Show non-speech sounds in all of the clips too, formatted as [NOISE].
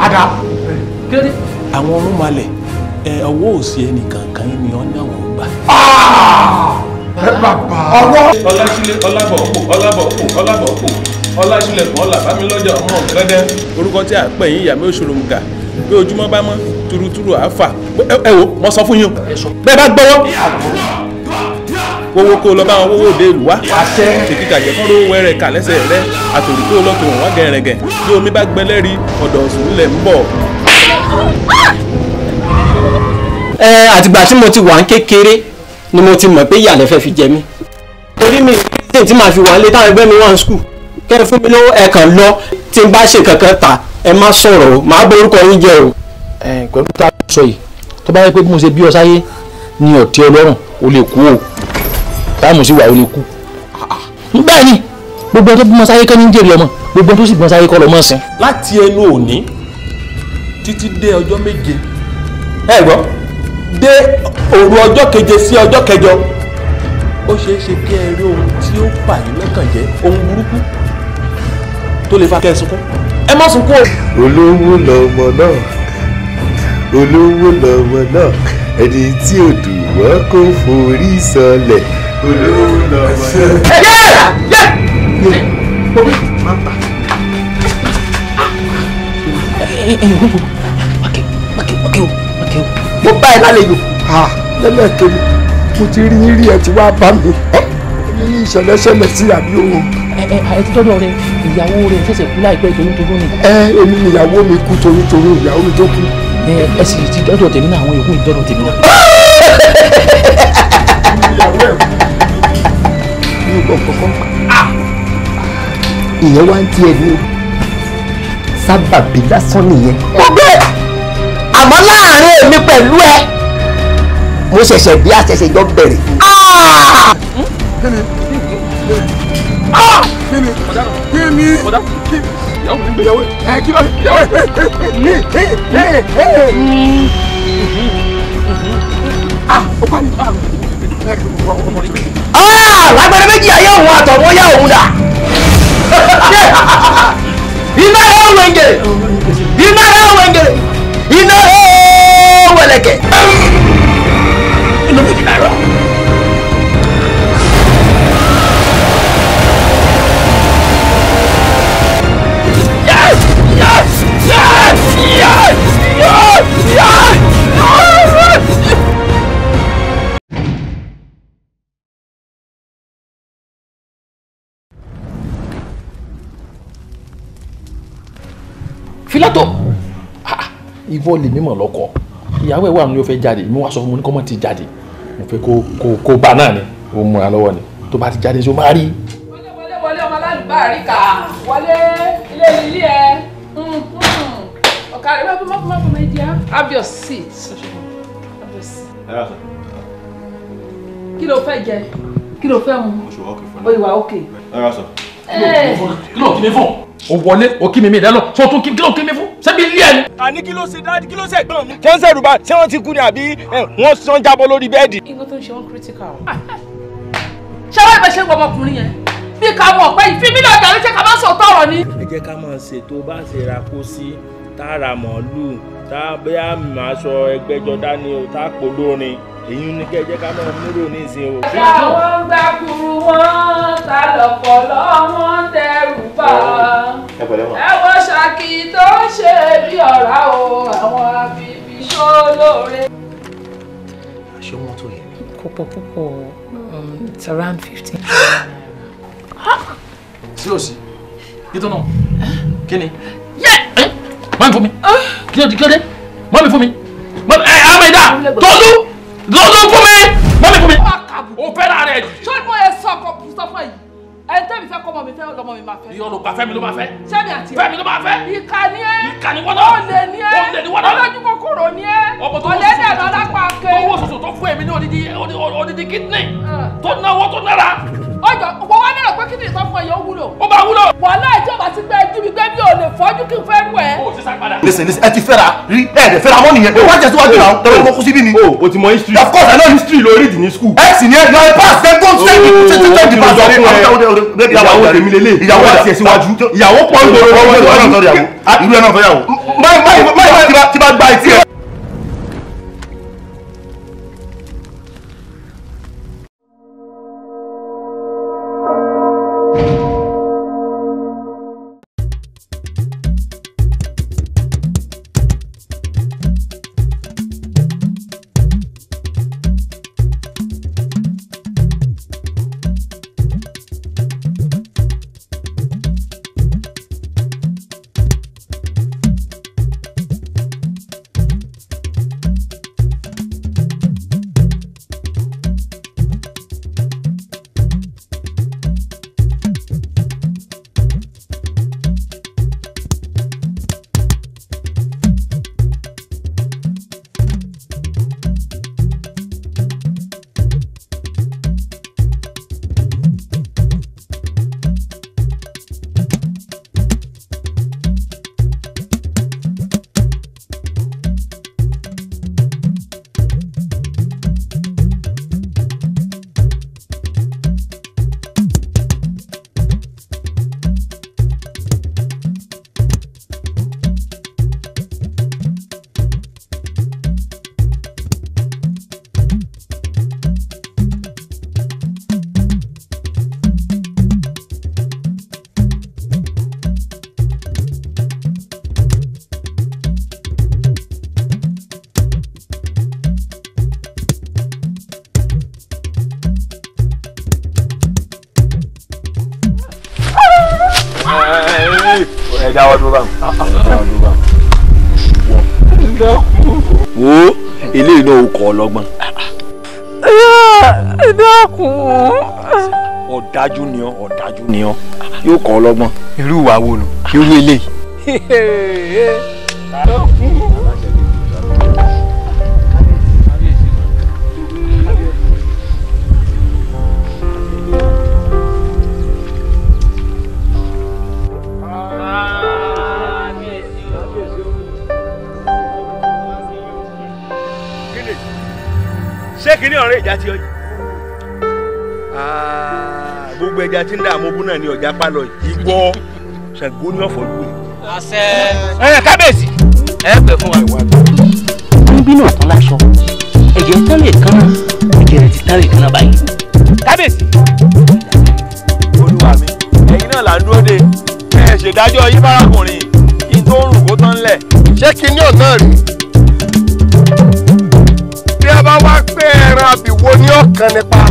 ada àwọn ọrùn malẹ̀ ọwọ́ òsì ẹnì kankan yìí ni ọ̀nà wọn gbà. Ah! ọwọ́. ọlásílẹ̀ ọlábọ̀ọ́pọ̀ ọlábọ̀ọ́pọ̀ ọlábọ̀ọ́pọ̀ ọlásílẹ̀ bọ́ọ̀là bámilọ́jà ọmọ ọ̀gẹ́dẹ́ orúkọ tí a pè yín ìyàmé òṣòròǹgà bí ojúmọ́ bá mọ́ turuturu àáfà ẹ wo mo sọ fún yín o bẹ́ẹ̀ bá gbọ́wọ́ owó kó lọ bá wọn wówó dé ìlú wa èkìtì àjẹkọ́ ló wẹrẹ kà lẹ́sẹ̀ rẹ àtòrí kó lọ tó wọn wá gẹ̀rẹ̀gẹ̀ bí omi bá gbẹlẹ́ rí ọ̀dọ̀ ọ̀sùn nílẹ̀ ń bọ̀. ẹ àtìgbà tí mo ti wà ń kékeré ni mo ti mọ̀ pé ìyàlẹ́ fẹ́ fi jẹ mí torí mi tí n fi wà nílé táwọn ẹgbẹ́ mi wà ní skul kẹ́ ẹ fún mi lówó ẹ kàn lọ tí n bá ṣe kankan ta ẹ má sọ̀rọ̀ o má borúkọ yín jẹ́ o. pẹ̀lú tá a sọ yìí tó bá yẹ pé bí mo ṣe bí ọ sáyé ni ọ̀tí ọlọ́run ò lè kú o táàmù sí wà ó lè kú bẹ́ẹ̀ ni gbogbo ẹni tó bímọ sáyé kẹ́ni ń jèrè ọmọ gbogbo ẹni tó sì bímọ sáyé kọ́ lọ́mọ sin. láti ẹnu òní títí dé ọjọ́ méje ẹ gbọ́ dé òru ọjọ́ keje sí ọjọ́ kẹjọ ó ṣeé ṣe kí ẹ rí ohun tí ó bà yín lọ́kàn jẹ́ ohun burúkú tó lè fa kẹ́sùnkún ẹ má sunkún o. olówó lọmọ náà olówó lọmọ náà ẹni tí odò kò forí sọlẹ̀ olówó lọ́wọ́ yẹn. má bà. wákẹ́ wákẹ́ wákẹ́ o wákẹ́ o. mo bá ẹ lálejò. lẹ́lẹ́kẹ̀lẹ́ mo ti rí yín rí ẹ ti wá bá mi ní ìṣẹ̀lẹ̀ ṣẹlẹ̀ sí àbí òun. ẹ ẹ ẹ ti tọ́jú rẹ ìyàwó rẹ ṣẹ̀ṣẹ̀ kú láìpẹ́ torótoró ni. ẹ èmi ìyàwó mi kú torótoró ìyàwó mi tó kú. ẹ ẹ sì ti dọ́dọ̀ tèmi náà àwọn yòókù ń tèmi náà mi ò gbọ́ kankan ìyẹn wá ń ti ẹ̀ ní sábàbí lásán nìyẹn. mo gbé àmọ́ láàárín èmi pẹ̀lú ẹ mo ṣẹ̀ṣẹ̀ bí a ṣẹ̀ṣẹ̀ jọ bẹ̀rẹ̀. kíni ah! kíni ẹ kí ló yàwó ẹ. ah o pa mi lágbára ah, méjì ayé òun àtọ̀wọ́ yá òun dà [LAUGHS] iná ẹ̀ ń wẹ̀ngẹ̀rẹ̀ iná ẹ̀ ń wẹ̀ngẹ̀rẹ̀ iná ẹ̀ ń wẹ̀lẹ̀kẹ̀. inú mi ti náírà. filato ah, ah. ìwọ lè mímọ̀ lọ́kọ ìyàwó ẹ̀ wà ní o fẹ́ jáde mo wá sọ fún mo ní kọ́ mọ́ ti jáde mo fẹ́ kó kó kó bá náà ni o mú ara lọ́wọ́ ni tó bá ti jáde ṣe o máa rí. wọlé wọlé wọlé ọmọ aládùúgbò àríkà wọlé ilé ilé ẹ hmm, hmm. ọ̀kadà bá bọ́ bọ́ bọ́ méjì á have your seat kí ló fẹ́ jẹ kí ló fẹ́ mu oyè wa ok kí ló kí mi fún o wọlé o kí mi mi lẹ́lọ tó tún kí ló kí mi fún sẹ́bi ilé ẹni. àní kí ló ṣe dáadé kí ló ṣe gbọ́n mi. ṣé ń ṣe rúbá ṣé wọ́n ti kú ni àbí wọ́n sàn jábọ́ lórí bẹ́ẹ̀dì. igbó tó ń ṣe wọn critical. ṣé wọ́n ìbẹ̀ṣẹ̀ wọ ọmọkùnrin yẹn bí ká mọ̀ pé ìfimílẹ̀ ọjà ló jẹ́ ká má sọ tọ̀rọ̀ ni. ẹ jẹ́ ká máa ṣètò bá se ra kó sí tá a ra mọ̀ọ́lù tá a bẹ́ẹ̀ máa sọ ẹgbẹ́jọ o tá a polórin èyí ni kẹ́ ẹ jẹ́ ká máa múrò ní ìsìn o. ṣé àwọn gbàkúrú wọn ta lọ̀pọ̀lọ́ wọn tẹrù bá ẹ wọ ṣàkì tó ṣe bí ọ̀rá o àwọn àfibí ṣó lóore. wọn tó yẹ. kò púpọ̀ um, it's around fifteen. sí òsì nítorí náà kí ni. mọ́mí fún mi kí ló dé mọ́mí fún mi mọ́mí ẹ̀ ẹ̀ àmì ìdá tọ́lú lọ́dún fún mi mọ́mí fún mi. o fẹ́ ra rẹ̀ jù. sọ́ni mo yẹ sọ ọkọ sọ fún yìí ẹni tẹ́mi fẹ́ kọ́ ọmọ mi fẹ́ lọ́mọ mi máa fẹ́. iye olùkọ́ fẹ́mi ló máa fẹ́. sẹ́mi àti ẹ̀ fẹ́mi ló máa fẹ́. ìkà ni ẹ́ ìkà ni wọ́dọ̀. olè ni ẹ́ olè ni wọ́dọ̀. ọlọ́jú kòkòrò ni ẹ́. ọmọ tó wọ́n sọ̀tọ̀ ọlẹ́dẹ̀ lọ́lápá ké. owó sọ̀tọ̀ tó fún èmi ní odidi kidney. tó náwó tó nára. ọjọ́ wọ́n wá kíni ìtọ́ fún ẹ̀yọ́ wúlò. ó bá wúlò. wàhálà ìjọba ti gbẹ ẹjú mi gbẹ mi ò lè fọ́jú kí n fẹ́ rú ẹ. o ti sá padà. listen listen ẹ ti fẹ́ra rí ẹ ẹ̀ fẹ́ra mọ́ nìyẹn. wọ́n jẹ síwájú náà tẹ̀wé mo kú síbí ni. o ti mọ history. of course i know history lo read ní school. ẹ sì ni ẹ yọ ẹ pass then go send me to to the pass. ìyàwó tèmi lele ìyàwó àti ẹ̀síwájú. ìyàwó pọ̀ ń gbòòrò ọmọ ìyàwó. irú ẹ náà fẹ́ yàwó. báyìí báyìí báyìí ti bá gba ìtì ẹ. ọ̀dájú ni ọ́ ọ̀dájú ni ọ́ yóò kọ́ ọ lọ́gbọ́n. irú ìwà wo nù irú eléyìí. ṣé kìnìún ọ̀rẹ́ ìjà ti ọyìn. Ah gbogbo ẹja tí ń dààmú bú náà ni ọjà pálọ ìwọ ṣàgbó ní ọ̀fọ̀ lùwẹ̀. àṣẹ. ẹ kábíyèsí ẹ pẹ fún wa. ń bínú ọ̀tún láṣọ ẹ̀jẹ̀ ń tẹ́lẹ̀ kan náà ẹ̀jẹ̀ rẹ̀ ti tẹ́lẹ̀ kan náà báyìí. kábíyèsí. olúwa mi ẹ̀yin náà là ń dúró de ẹ ṣèdájọ́ yín bárakùnrin kí n tó rùn kó tán lẹ̀. ṣé kí ni ọ̀nà rèé bí a bá wá pé ẹran àbíwò ní ọ̀kan nípa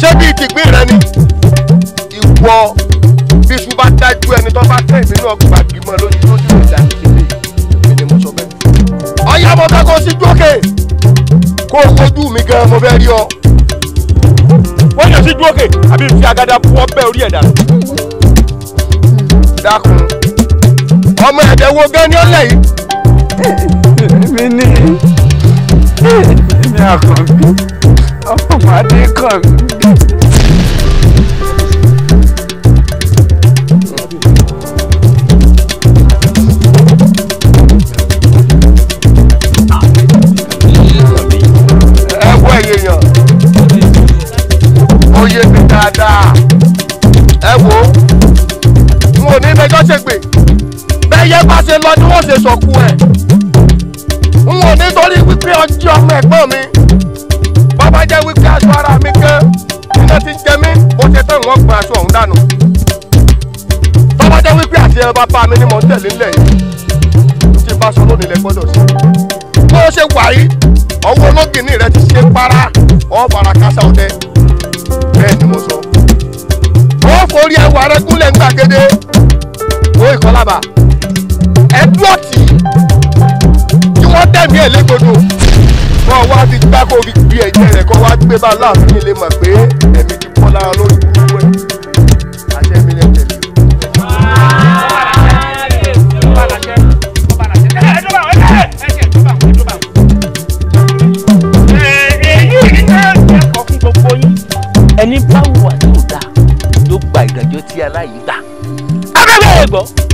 ṣé bíi tìgbín rẹ ni ìwọ bí iṣu bá dájú ẹni tó bá tẹ̀ ìbínú ọgbà gbìmọ̀ lójú lójú ìjà ìdílé èmi ni mo sọ bẹ́ẹ̀. ọ̀yá mo fẹ́ kó sí jókè kó o kojú mi gan mo fẹ́ rí ọ. wọ́n yàn sí jókè àbí fi agada fún ọbẹ̀ orí ẹ̀dá. dákun ọmọ ẹ̀dẹ̀ wo gan ni ó lẹ̀ yìí. èmi ni èmi àkànbí ọmọ adé kàn mí. dáadáa ẹ wò ó n ò ní fẹjọ́ ṣègbè bẹ́yẹ bá ṣe lọ ni wọ́n ṣe sọ̀kù ẹ̀ n ò ní torí wípé ọjọ́ ọmọ ẹ̀gbọ́n mi bọ́bá jẹ́ wípé aṣọ ara mi ké iná ti jẹ mí ó ṣe tán wọ́n gba aṣọ ọ̀hún dànù bọ́bá jẹ́ wípé àti ẹ bàbá mi ni mò ń tẹ̀lé ńlẹ̀ yìí tí bá sọ lónìí lẹ gbọ́dọ̀ sí bó ṣe wà yìí ọwọ́ ológìní rẹ ti ṣe para ọ̀ fara kásá ọdẹ mo sọ. ó forí ẹwà rẹ gúnlẹ̀ gbàgede ó ìkọlábà ẹ dúró tì í kí wọ́n tẹ̀mí ẹ̀ légbodò kọ́ wá ti gbá kó fi gbé ẹ̀jẹ̀ rẹ̀ kọ́ wá gbé bá láàfin ilé mọ̀ pé ẹ̀mí ti pọ́ lára lórí kúrú ẹ̀. ẹni bá wùwà tí ò dáa yóò gba ìdájọ́ tí aláyìí gbà. abẹ́rẹ́ ẹ̀gbọ́n.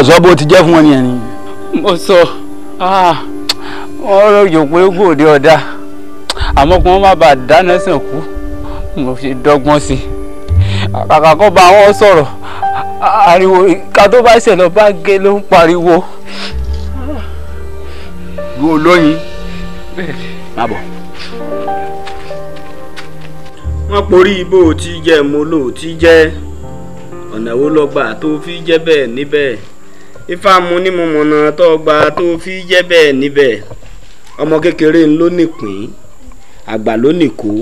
ọ̀sọ́ bó ti jẹ́ fún wọn nìyẹn ni. mo sọ ah, wọn rọjò pé gòdè ọ̀dà àmọ́ kí wọ́n má bàa dáná sàn kú mo ṣe dọ́gbọ́n sí i kàkà kó bá wọn sọ̀rọ̀ ariwo ká tó bá ṣẹlẹ̀ bá gé ló ń pariwo. ìwọ olóyin má bọ̀. wọ́n porí bó o ti jẹ́ mo lò ó ti jẹ́ ọ̀nà wo lọ́gbà tó fi jẹ́ bẹ́ẹ̀ níbẹ̀ ifá mu ní mo mọ̀nà tó gba tó fi jẹ́ bẹ́ẹ̀ níbẹ̀ ọmọ kékeré ń ló nìpín àgbà ló nìkó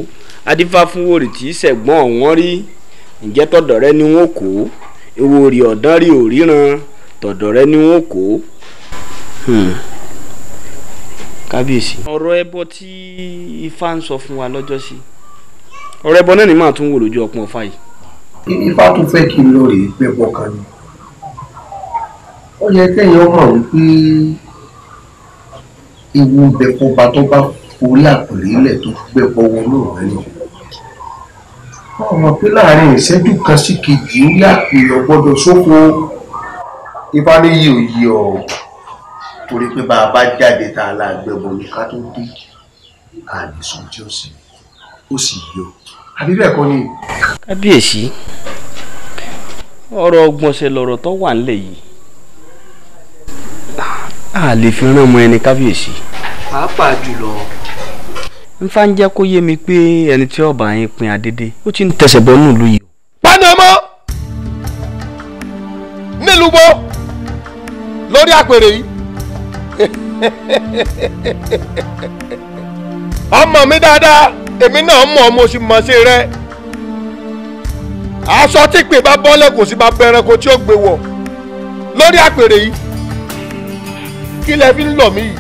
adífá fún wòrì tí sẹ̀gbọ́n ọ̀wọ́n rí ǹjẹ́ tọ̀dọ̀ rẹ ni wọ́n kó ewo rì ọ̀dán rí òríran tọ̀dọ̀ rẹ ni wọ́n kó. Hmm. kábíyèsí. ọ̀rọ̀ ẹbọ tí ifá ń sọ fún wa lọ́jọ́ sí ọ̀rọ̀ ẹbọ náà ni màá tún wò lójú ọpọ́n ọ̀fà ifá tún fẹ́ kí n lọ pẹ́ bọ́ kan ni ó yẹ kéèyàn mọ̀ wípé ewu bẹ fọba tó bá forí àpèrè ilẹ̀ tó gbẹ bọ́wọ́ lóòrùn ẹ̀yọ. wọ́n mọ̀ pé láàrin ìṣẹ́jú kan sí kejì ń yá èèyàn gbọ́dọ̀ sóko ifá ní yìí ò yí ọ torí pé bá a bá jáde tá a láàgbẹ̀bọ̀ ní ká tó dé àdìsùn tí ó sì ó sì yọ àbí bẹ́ẹ̀ kọ́ ni. kábíyèsí ọ̀rọ̀ ọgbọ̀nsẹ̀ lọ̀rọ̀ tó wà ńlẹ̀ yìí a lè fi rán mọ ẹni kábíyèsí. pàápàá jùlọ. nfa ń jẹ́ kó yé mi pé ẹni tí ọba yín pin àdédé ó ti ń tẹsẹ̀ bọ́ nílùú yìí. panama nílùú bọ́ lórí àpèrè yìí [LAUGHS] ọmọ mi dáadáa èmi náà mọ̀ mo sì mọ̀ sí rẹ aṣọ tí pè bá bọ́lẹ̀ kò sí bá bẹ̀rẹ̀ kò tí ó gbé wọ̀ lórí àpèrè yìí kí lẹ fi ń lọ̀ mí yìí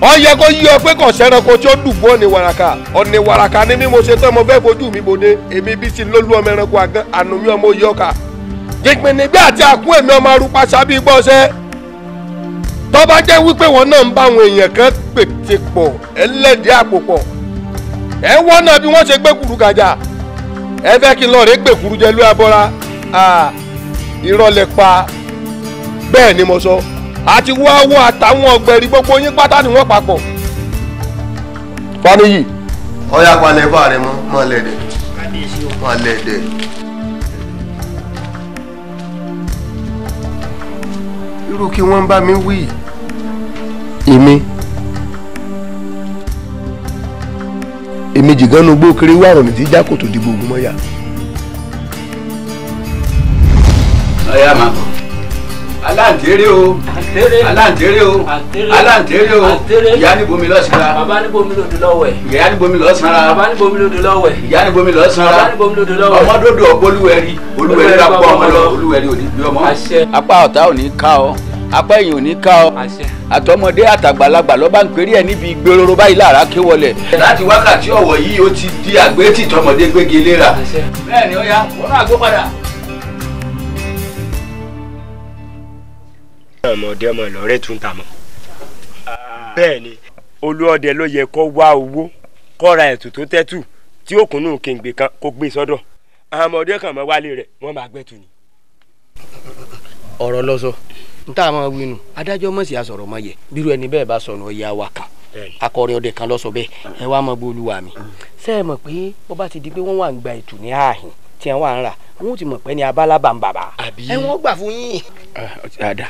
ó yẹ kó yí ọ pé kò sẹ́ranko tí ó dùbò ọ̀nì wàràkà ọ̀nì wàràkà ni mímọ ṣe tán mo fẹ́ fojú mi bòde èmi bí sí lólu ọmọ ẹranko àgán àánú mi ọmọ òye ọkà jìnpín nígbà àti àkún èmi ọmọ arúpa sábì gbọ́ ṣẹ́ tó jẹ́ wípé wọn náà ń bá àwọn èèyàn kan pètè pọ̀ ẹlẹ́dẹ̀ àpò pọ̀ ẹ wọ́n náà bí wọ́n ṣe gbé kuru gàjà ẹ fẹ́ kí n lọ rèé gbé kuru jẹ lóyún abọ́ra ìrọ̀lẹ́ pa bẹ́ẹ̀ ni mo sọ. So àti wáwọ́ àtàwọn ọ̀gbẹ̀rì gbogbo yín pátá ni wọ́n papọ̀. faniyi. ọyá palẹ̀ bá rẹ̀ mọ́ mọ́ lẹ́dẹ̀ mọ́ lẹ́dẹ̀. irú kí wọ́n bá mi wí èmi èmi jìgánnu gbókèrè wà rọ̀nì tí jákòtò dìbò ògùnmọ́yà. ọyá màá bọ̀ aláǹtẹ̀rẹ̀ o aláǹtẹ̀rẹ̀ o aláǹtẹ̀rẹ̀ o ìyá ní bomi lọ sanra bàbá ní bomi lòdì lọ́wẹ̀ ìyá ní bomi lọ sanra bàbá ní bomi lòdì lọ́wẹ̀ ìyá ní bomi lọ sanra bàbá ní bomi lòdì lọ́wẹ̀ ọmọdodo olúwẹ̀rí olúwẹ̀rí la pọ̀ ọmọ lọ olúwẹ̀rí ò ní bí ọmọ. apá ọ̀tá ò ní ká ọ apá èèyàn ò ní ká ọ àtọmọdé àtàgbàlagbà ló bá ń pèrè ẹ níbi ìgbéròrò báyìí lára ké wọlé. láti wákàtí ọ̀wọ̀ yìí ó ti di àgbétì tọmọdé gbégilé rà. bẹ́ẹ̀ ni ó yá wọn náà gbó padà. ọmọdé ọmọ ìlọrẹ tún ta mọ. Ah. bẹ́ẹ̀ ni olúọdẹ ló yẹ kó wá owó kọ́ra ẹ̀tù tó tẹ́tù tí ó kùnú kéǹgbè kan kó gbé sọ́dọ̀ àwọn ọmọdé kan mọ́ wálé rẹ̀ wọ́n máa gbẹ́tù ni. ọ̀rọ̀ lọ sọ n tá a máa wí nù adájọ́ mọ̀ sí asọ̀rọ̀ mọ̀ yẹ bírú ẹni bẹ́ẹ̀ bá sọnù ọ̀yà wa kan akọrin ọdẹ kan lọ bẹ́ẹ̀ ẹ wá mọ̀ bó olúwa mi hmm. ṣe é mọ̀ pé bó bá ti di pé wọ́n wà ń gba ètù ní ààhìn tí wọ́n wà ń rà wọ́n ti mọ̀ pé ní abala bàǹbàbà ẹ wọ́n gbà fún yín. Ah,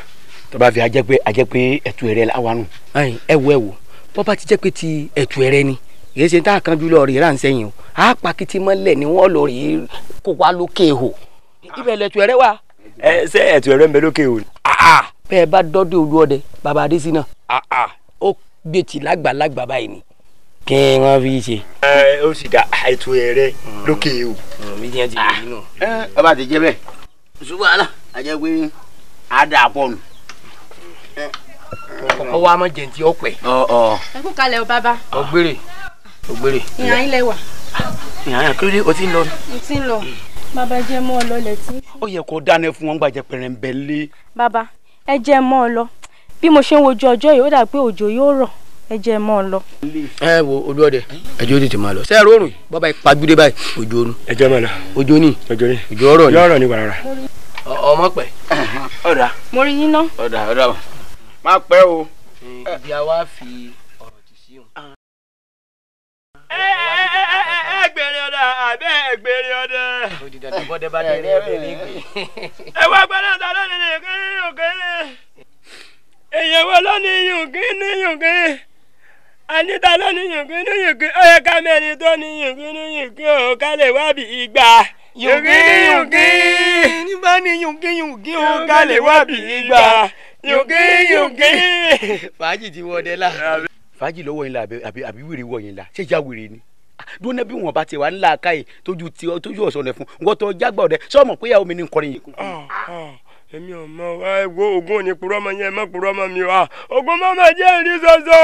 tọba fi ajẹ pé ajẹ pé ẹtù ẹrẹ la wa nù. ẹ wo ẹ wo bọ́ba ti jẹ́ pé ti ẹtù ẹrẹ ni yìí ṣe tá a kan jùlọ rèé ránṣẹ́ yìí o a pàkìtì mọ́lẹ̀ ni wọ́n lọ rèé kó wa lókè o ibẹ̀ lẹ̀tù ẹrẹ wa. ẹ ṣe ẹtù ẹrẹ ń bẹ lókè o. bẹ́ẹ̀ bá dọ́dọ̀ olú ọdẹ baba adésí náà ó gbé ti lágbàlagbà báyìí ni kí wọ́n fi ṣe. ẹ ó sì dá ẹtù ẹrẹ lókè o. mi ti yẹn ti lè nù. ọba ti jẹ bẹ́ẹ̀ ṣùgbọ́n àlà àjẹpé àdàpọ̀ nù. ọ wa ma jẹntì ọpẹ. ẹ kalẹ̀ o bàbá. ìyá yín o ti ń lọ. o ti ń lọ bàbá jẹ mọ ọ lọ létí. ó yẹ kó dáná fún wọn gbàjẹ pẹrẹmbẹ lé. bàbá ẹ jẹ mọ ọ lọ bí mo ṣe ń wojú yìí ó dà pé òjò yóò ẹ jẹ mọ ọ lọ. ẹ wo ọdẹ tètè máa lọ ṣe bàbá yìí báyìí òjò mọ ọ ni ni ni wàrà. ọmọ pẹ mo rí má pẹ́ o. ibi a wá fi ọ̀rọ̀ tì sí o. ẹ ẹ ẹ ẹ gbèrè ọ̀dà àbẹ́ ẹ gbèrè ọ̀dà. òdìdà tó bọ́dẹ bá dé ní ọ̀dẹ ní ìgbè. ẹ wá gbọ́dọ̀ ta lónìí ní ìkíni òkèèrè. èèyàn wo lónìí yùnkíní yùnkíní anita lónìí yùnkíní yùnkíní ó yẹ ká mẹ́rin tó ní yùnkíní yùnkíní ó ká lè wá bí igba yùnkíní yùnkíní. nígbà ní yùnkíní yùnkíní ó ká lè wá bí igba yòókè yòókè. fàájì ti wọ ọdẹ la fàájì lọ́wọ́ yín la àbí wèrè wọ̀ yín la ṣé ìjà wèrè ni dúnà bí wọn bá ti wà ńlá káyè tójú ti tójú ọ̀sán rẹ fún wọn tó jágbá ọ̀dẹ sọmọ pé àwọn mi ní nkọrin yìí. Ah, ah, èmi ò mọ ẹgbẹ́ ogun òní purọ́ mọ yẹn mọ purọ́ mọ mi wá ogun mọ́mọ́ jẹ́ ìrí soso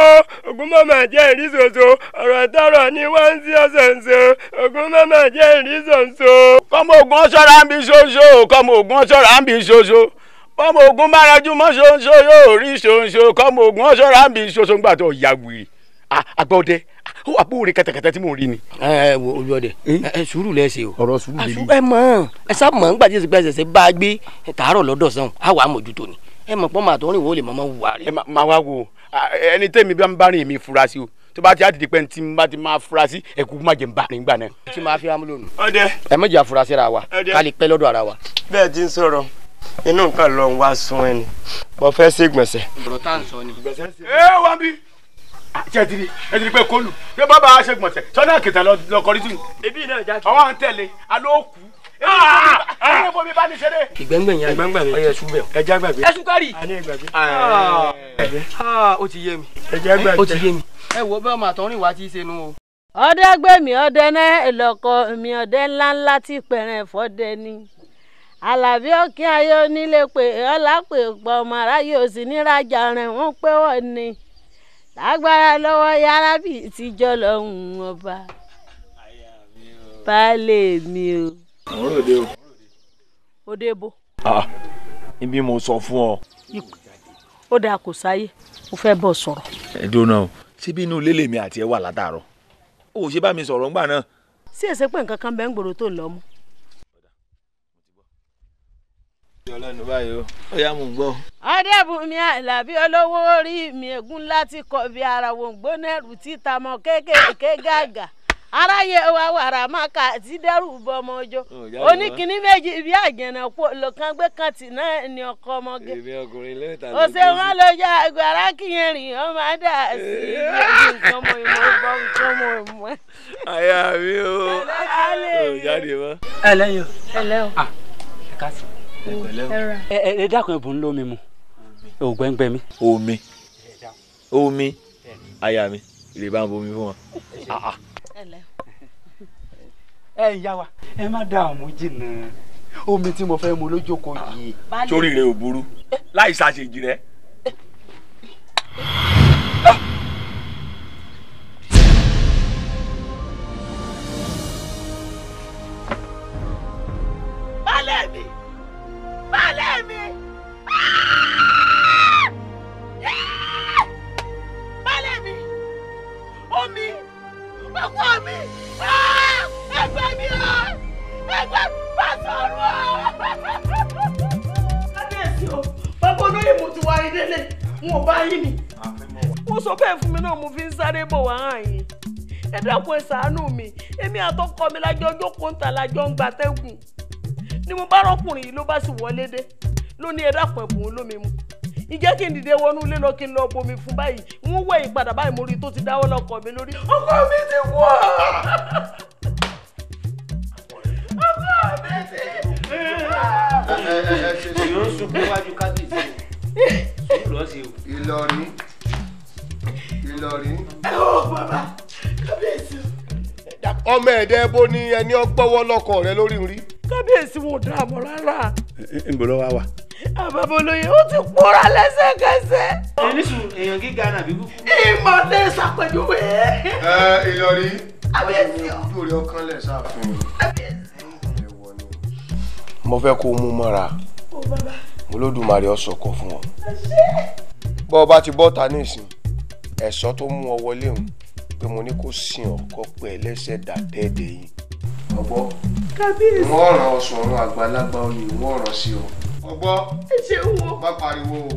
ogun mọ́mọ́ jẹ́ ìrí soso ọ̀rọ̀ tọrọ ni wọ́n ń sí ọ̀sẹ̀ ń so ogun mọ́mọ́ jẹ́ ìrí soso. kọ́mọ ogun ọ̀ṣọ́ra ń bí soso kọ́mọ ogun ọ̀ṣọ́ra ń bí soso ọmọ ogun bá rajú mọ́ ṣoṣo yóò rí ṣoṣo kọ́mọ ogun ọ̀ṣọ́ra mi ṣoṣo ń gbà tó ya wìrì àgbọ̀dẹ ó wà bóore kẹtẹkẹtẹ tí mò ń rí ni. ẹ wo olùwọde ẹ sùúrù lẹ ṣe o. ọ̀rọ̀ sùúrù lè ẹ mọ̀ ẹ sá mọ̀ nígbà tí ẹ gbẹ́sẹ̀ ṣe bá a gbé tààrọ̀ lọ́dọ̀ sàn á wà á mójútó ni ẹ mọ̀ pọ́n màtọ́rin wo lè mọ̀ mọ́ wà rẹ. ẹ máa wá wo ẹni tẹ́mi bá ń bá rìn mí fura sí o tó bá ti àdìdí pé tí n bá ti máa furasí ẹkú má jẹ n nígbà náà. tí máa fi amúlò nù. ọdẹ. ẹ méjì afurasí ra wa ká inú nǹkan lọ ń wá sun ẹni mo fẹ́ ṣe gbọ̀nsẹ̀. ọ̀rọ̀ tá à ń sọ ni. ẹ wá bí jẹdiri ah, ẹdiri pé kọlù pé bàbá a ṣe gbọ̀nsẹ̀ sọ́dọ̀ kìtà lọkọrí tù. ebi náà jáde. ọwọ́ à ń tẹ̀lé aló kù. ìgbẹ́ngbẹ̀yìn àgbẹ̀ngbẹ̀yìn ọyẹ ṣùgbẹ́ ẹ já gbàgbé. ẹ sukari. Ah! Ah! ó ti yé mi. ẹ já gbàgbé. ó ti yé mi. ẹ wo bẹ́ẹ̀ mà tọ́rin wá ti ṣe nu o. ọdẹ gbẹmí ọdẹ náà èlọkọ mi ọdẹ ńláńlá tí pẹrẹ fọdẹ ni alábí òkè ayé onílé pé ọlápẹ ògbọ ọmọ aráyé òsì nírajà rìn wọn pé wọn ni lágbára lọ́wọ́ yàrá bí ìtìjọ lọhùnún ọba baálé mi o. mo rò dé o. òde bo. ah ibi mo sọ fún ọ. ó dáa kò sáyé mo fẹ́ bọ̀ sọ̀rọ̀. ẹ dúró náà síbi inú ilé lèmi àti ẹ wà látàárọ̀ o ò ṣe bá mi sọ̀rọ̀ ńgbà náà. sí èsè pé nǹkan kan bẹ́ẹ̀ ń gbòòrò tó lọ mú. ọlọ́run báyìí ó yá mò ń gbọ́. ọ̀dẹ́bùnmi àlàbí olówó orí mi ègún láti kọ̀ bí ara wò gbóná ẹ̀rù títa mọ́ kéékèèké gàgà aráyé wa wàrà má kà tí bọmọ ọjọ́ oníkìní méjì bí àjẹnàkú olùkàn gbé kan tì náà ni ọkọ ọmọge òsè wọn ló jẹ àgbà arákìyẹn rìn wọn máa dà sí i [LAUGHS] nǹkan mọ ìbọn nǹkan mọ ìmọ̀. mi o jáde mọ́. ẹ lẹ́yìn o ẹ lẹ́yìn o ah, ẹ dákun ẹbùn lómi mu ògbẹ́ngbẹ́ mi. omi omi aya mi lè bá ń bomi fún wa. Ah, ah. ẹ ìyá wa ẹ má dààmú jìnnà omi tí mo fẹ́ mu lójókòó yìí. torí rẹ ò burú láì ṣàṣejì rẹ. Balẹ̀ mi! ọkọ mi ah! ẹgbẹ́ mi ẹgbẹ́ bá sọ̀rọ̀. kábíyèsí o bàbá olóyè mo ti wá ìdílé wọn ò bá yín ni. mo sọ bẹ́ẹ̀ fún mi náà mo fi ń sáré bọ̀ wá hàn yín ẹ dákun ẹ ṣàánú mi èmi àtọkọ mi lájọ jókòó ń ta lájọ ń gbatẹ́gùn ni mo bá rọkùnrin yìí ló bá sì wọlé dé ló ní ẹ dákun ẹ̀bùn olómi mu ìjẹ́ kí n dìde wọnú ilé lọ kí n lọ bomi fún báyìí ń wẹ̀ ìpadà báyìí mo rí tó ti dáwọ́ lọ́kọ̀ mi lórí. ọkọ mi ti wọ. ọkọ mi ti wọ. ẹ ẹ ẹ ṣèṣe yóò sunkún wájú kábíyèsí sùúrù lọ sí o. Ìlọrin Ìlọrin. ẹ ó bàbá kábíyèsí. ọmọ ẹ̀dẹ́ bó ni ẹni ọgbọ́wọ́ lọ́kọ̀ rẹ lórí rí. kábíyèsí wo dáàmú rárá. ń bọ̀ lọ́wọ́ wa àbábọ̀ olóye ó ti pòórá lẹ́sẹ̀kẹsẹ̀. ẹni sùn èèyàn gíga nàbí kúkú. ìmọ̀ lè ṣàpèjúwe. ẹ ìlọrí. abẹ́sí ọ. ojú rẹ ọkàn lẹ̀ ṣàfihàn. abẹ́sí. mo fẹ́ kó o mú mọ́ra. ó bàbá. olódùmarè ọ sọ̀kọ̀ fún ọ. bọ́ ọ bá ti bọ́ ta ní ìsìn ẹ̀ṣọ́ tó mú ọ wọlé òun pé mo ní kó sin ọkọ pé ẹlẹ́sẹ̀ dàtẹ́ẹ̀dẹ̀ yìí. ọ̀gbọ́ kábíyèsí. wọ́n ràn ọ sọ̀rọ̀ àgbàlagbà oyè wọ́n ràn sí ọ o má pariwo o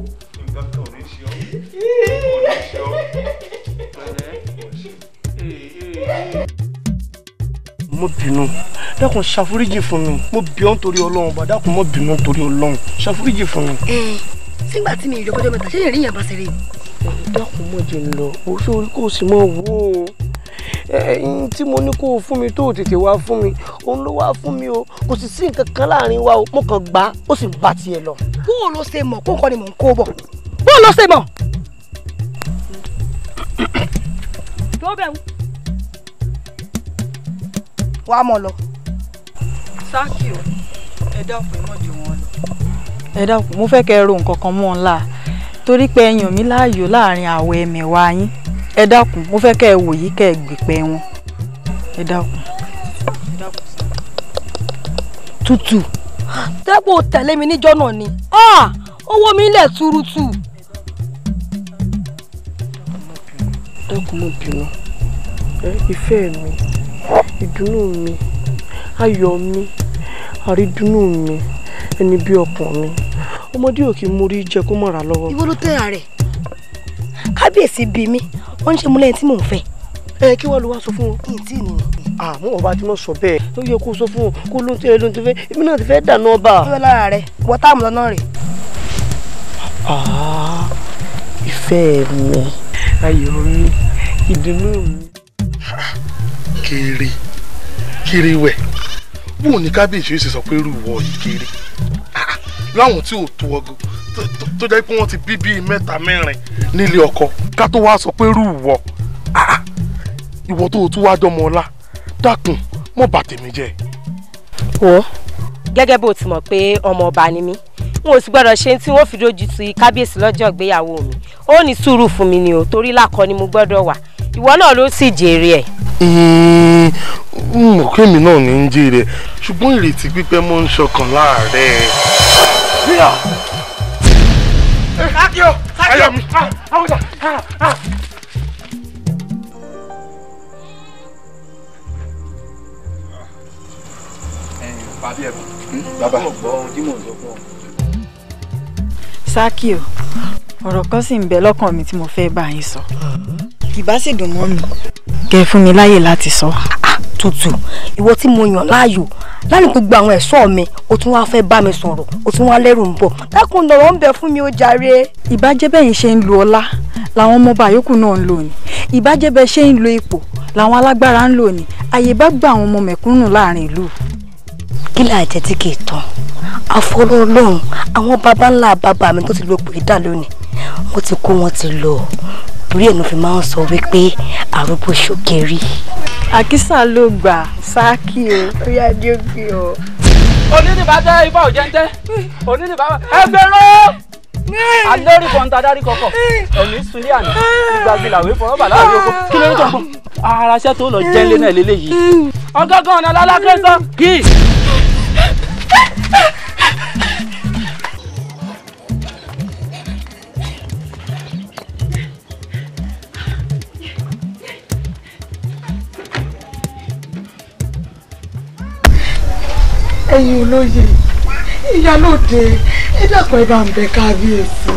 nǹkan kan ní ṣe ọ́ ò ní ṣe ọ́ mo bínú dákun ṣàforíjì fún mi mo bí ọ́n torí ọlọ́run bá dákun mo bínú torí ọlọ́run ṣàforíjì fún mi. ẹ sígbà tí mi ìjọba ọjọ́ mẹ́ta ṣé ìrìn yẹn bá ṣe rí. dákun mo jẹ́ ń lọ oṣù orí kò sí mọ́ wó o ẹyin tí mo ní kó o fún mi tó o tètè wá fún mi òun ló wá fún mi o kò sì sí nǹkan kan láàrin wa o mo kàn gbà ó sì bá tiẹ̀ lọ. bó o ló ṣe mọ̀ kó nǹkan ni mò ń kó bọ̀ bó o ló ṣe mọ̀. tó ń. wàá mọ̀ lọ. sáàkì o ẹ dákun ẹ mọ̀ jù wọ́n lọ. ẹ dákun mo fẹ́ kẹ́ ẹ ro nǹkan kan mọ́ ọ ńlá torí pé ẹ yàn láàyò láàrin àwọ̀ ẹ̀mẹ̀wá yín ẹ dákun mo fẹ́ kẹ́ ẹ wòye kẹ́ ẹ gbèpẹ́ wọn ẹ dákun. tútù. dẹ́pọ̀ tẹ̀lé mi níjọ́ náà ni ah, owó mi lẹ̀ túrútù. dákun mo bínú ìfẹ́ mi ìdùnnú mi ayọ̀ mi àrídùnnú mi ẹni bí ọkàn mi ọmọdé ò kì í mórí jẹ kó mọ̀ra lọ́wọ́. ìwọ ló tẹ́ ara rẹ̀ kábíyèsí bí mi wọ́n ń ṣe múlẹ̀ tí mò ń fẹ́. ẹ kí wàá ló wá sọ fún wọn kí n tí ì nìyẹn. àmọ́ ọba tí wọ́n sọ bẹ́ẹ̀ tó yẹ kó sọ fún kó ló ń tẹ́ ló ń tẹ́ fẹ́ náà ti fẹ́ dànù ọba. ìwé lára rẹ wọ táàmù lọ́nà rẹ̀. Ah, ìfẹ́ mi ayọ̀ mi ìdùnnú mi. kiri kiri wẹ̀ bóun ni kábíyèsí ó sì sọ pé irú wọ yìí kiri ah, láwọn tí ò tó ọgọ tó jẹ́ pé wọ́n ti bí bíi mẹ́ta mẹ́rin nílé ọkọ ká tó wá sọ pé rú ìwọ ìwọ tó o tún wáá dọmọ ọlá dákun mọ́ bà tèmi jẹ́. wo gẹ́gẹ́ bó ti mọ̀ pé ọmọ ọba ni mí n ò sì gbọ́dọ̀ ṣe tí wọ́n fi dojú tu kábíyèsí lọ́jọ́ ìgbéyàwó mi ó ní sùúrù fún mi ni o torí lákọ ni mo gbọ́dọ̀ wà ìwọ náà ló sì jèrè ẹ̀. Hmm, mọ̀ kémi náà ní í jèrè ṣùgbọ́n ìrètí pípẹ́ mọ́ ń ṣọkàn láàárẹ̀ sákìó sákìó àwùjọ. bàbí ẹ̀bùn bàbá mo gbọ́ ohun tí mò ń sọ fún ọ. sákìó ọ̀rọ̀ kan sì ń bẹ lọ́kàn mi tí mo fẹ́ bá yín sọ. kì bá sì dùn mọ́ mi. kẹ́ fún mi láyè láti sọ tútù ìwọ tí mo yàn láàyò láàrin gbogbo àwọn ẹ̀ṣọ́ mi o tún wáá fẹ́ bá mi sọ̀rọ̀ o tún wáá lẹ́rù ń bọ̀ dákun lọ́rọ̀ ń bẹ fún mi ó jàre. ìbàjẹ́ bẹ́yìn ṣe ń lo ọlá làwọn ọmọọba yòókù náà ń lò ní ìbàjẹ́ bẹ́ẹ̀ ṣe ń lo ipò làwọn alágbára ń lò ní àyè bá gba àwọn ọmọ mẹ̀kúnnù láàrin ìlú. kí láà jẹ́ tí kì í tán àfọlọ́ ọlọ́run àwọn baba ńlá baba mi tó ti lọ pè é dà lónìí wọ́n ti kó wọn ti lọ torí ẹ̀ ló fi máa ń sọ wípé àròbó ṣókèrí. àkísà ló gbà sáàkì o ó yá ní òbí o. onídìbàjẹ́ ibà ò jẹ́ńtẹ́ onídìbàjẹ́ ẹgbẹ̀rún alẹ́rìí kọ́ńtà adarí kọ́kọ́ ẹ̀mí sunlé àná gbàgbé làwé fọwọ́ bà láàrin oko kí ló ń tọ́ fún. araṣẹ́ tó lọ jẹ́lé náà lélẹ́yìí. ọgọ́gán ọ̀nà lálákẹ́sọ kí. ẹ̀yin olóye ìyálòde ẹ dàpọ̀ ẹ bá ń bẹ kábíyèsí.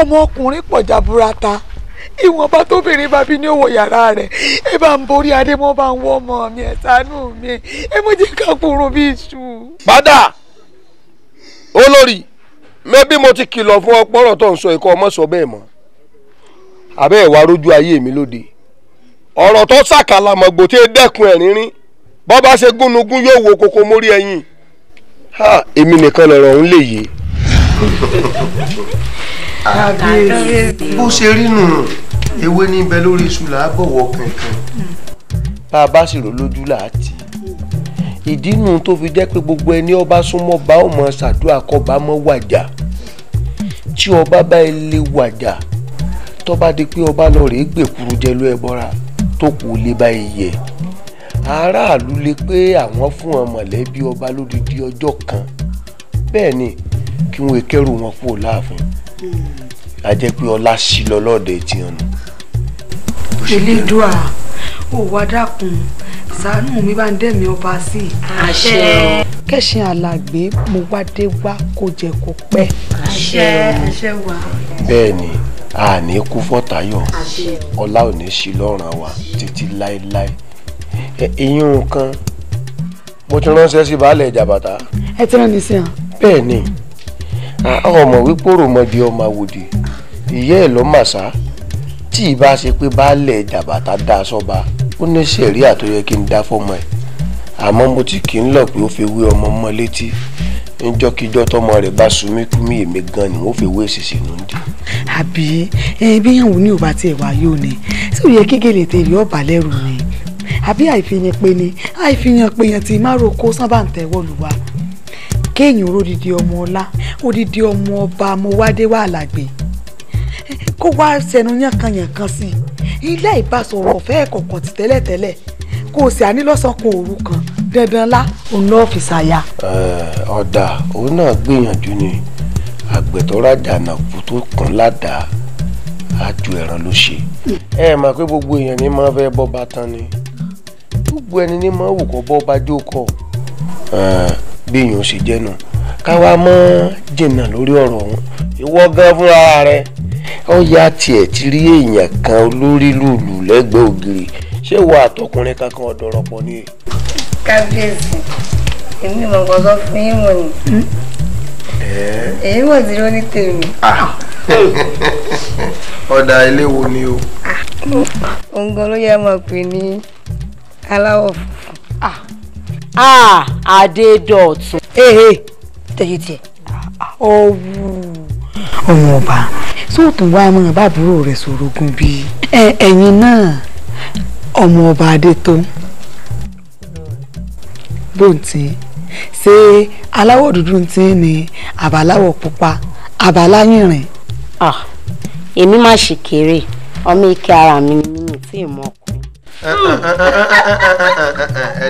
ọmọkùnrin pọ̀ jaburata ìwọ̀nba tóbìnrin bá bí ní òwò yàrá rẹ̀ ẹ bá ń borí adé mọ́ bá ń wọ́ ọmọ mi ẹ̀ ṣàánú mi ẹ mọ̀ jẹ́ ká kúrò bí iṣu. padà olórí mẹ́bí mo ti kìlọ̀ fún ọpọ́rọ̀ tó ń sọ ikọ́ ọmọ sọ bẹ́ẹ̀ mọ́ abẹ́ ìwà rójú ayé mi lóde ọ̀rọ̀ tó ṣàkàlà mọ̀gbò dẹ́kun ẹ̀ rínrín bọ́ba ṣe gúnugún yóò wo kókó mórí ẹyin ha èmi nìkan lọ̀rọ̀ òun lè yé. àbí bó ṣe rí nù ewé níbẹ̀ lórí iṣu là á bọ̀wọ̀ kankan bá a bá sì rò lójú là á tì ìdí nù tó fi jẹ́ pé gbogbo ẹni ọba súnmọ́ bá ọmọ ṣàdúrà kọba mọ́ wàjà tí ọba bá ẹ lé wàjà tọ́ba di pé ọba lọ rèé gbèkúrú jẹ́ ló ẹ bọ́ra tó kù lé báyìí yẹ aráàlú lè pé àwọn fún wọn mọ̀lẹ́bí ọba lódidi ọjọ́ kan bẹ́ẹ̀ ni kí wọ́n kẹ́rù wọn kúrò láàfin a jẹ́ pé ọlá sí lọ lọ́ọ̀dẹ tiwọn nù. elédùà ò wá dákun ṣàánú mi bá ń dẹ́mi ọba sí i. àṣẹ. kẹ́sìn alàgbé mo wá dé wá kó jẹ kó pẹ́. àṣẹ àṣẹ wa. bẹ́ẹ̀ ni a ní kú fọ́tayọ̀ ọlá ò ní sí lọ́rùn wa títí láéláé ìyún kan mo ti ránṣẹ́ sí baálẹ̀ ìjàbàtà. ẹ ti rán mi sí hàn. bẹ́ẹ̀ ni ọmọ wípé òròmọbi ọmọ àwòdì ìyá ẹ̀ lọ́ màṣá tí ì bá ṣe pé baálẹ̀ ìjàbàtà dá a sọ́ba ó ní sẹ̀ríà tó yẹ kí n dá fọ́mọ ẹ̀ àmọ́ mo ti kì í lọ pé ó fi wé ọmọ mọ́ létí níjọ́kíjọ́ tọmọ rẹ̀ bá sunmí kúmí èmi gan ni wọ́n fi wé èsì sínú ń di. àbí ẹbí yàn wò ní òbá tiẹ̀ wá yóò ní tí ò yẹ kí gèlè tèmi ọ̀bà lẹ́rù ni àbí àìfihàn pé ni àìfihàn pé yẹn ti má roko sábà ń tẹ́wọ́ lù wá kéèyàn orodidi ọmọ ọlá odidi ọmọ ọba mowádé wà lágbè kó wá sẹnu yànkanyànkan sí i ilé ìbásọ̀rọ̀ ọ̀fẹ́ kọ̀ọ̀kan ti tẹ́lẹ̀tẹ́lẹ̀ kó o sì á ní lọ́sàn-án òru kan dandan lá òun náà fi ṣàyà. ọ̀dà òun náà gbìyànjú ni àgbẹ̀ tó nàkú tó kàn ládàá àjò ẹ̀ràn ló ṣe. Hmm. ẹ mà pé gbogbo èèyàn ní máa fẹ́ bọ́ bá tán ni. gbogbo ẹni ní mọ wò bọ bọ́ bá jókòó bí èèyàn ṣe jẹ́ nù mọ jìnnà lórí ọ̀rọ̀ ọ̀hún ìwọ gan fúnra rẹ ó yá tiẹ̀ ti rí èèyàn kan lórí lùlù lẹ́gbẹ̀ẹ́ ògiri ṣé àtọkùnrin kankan ni. kábíyèsí èmi mọ̀ fún yín èyí ní tèmi. ọ̀dà ilé ni o. ló yẹ aláwọ̀ ah. funfun. ah adédọ̀tun. ehe tẹ̀yẹ tiẹ̀. ọ̀wù ọmọ ọba sóòtún wá mọ̀ bàbúrò rẹ̀ sòrògùn bíi ẹ̀yin náà ọmọ ọba adétọ́n bóńtì ṣé aláwọ̀ dúdú ti ń ni àbáláwọ̀ pupa àbáláyìnrìn. Ah, èmi má ṣì kéré ọmọ ike ara mi ni mi tí mọ ẹ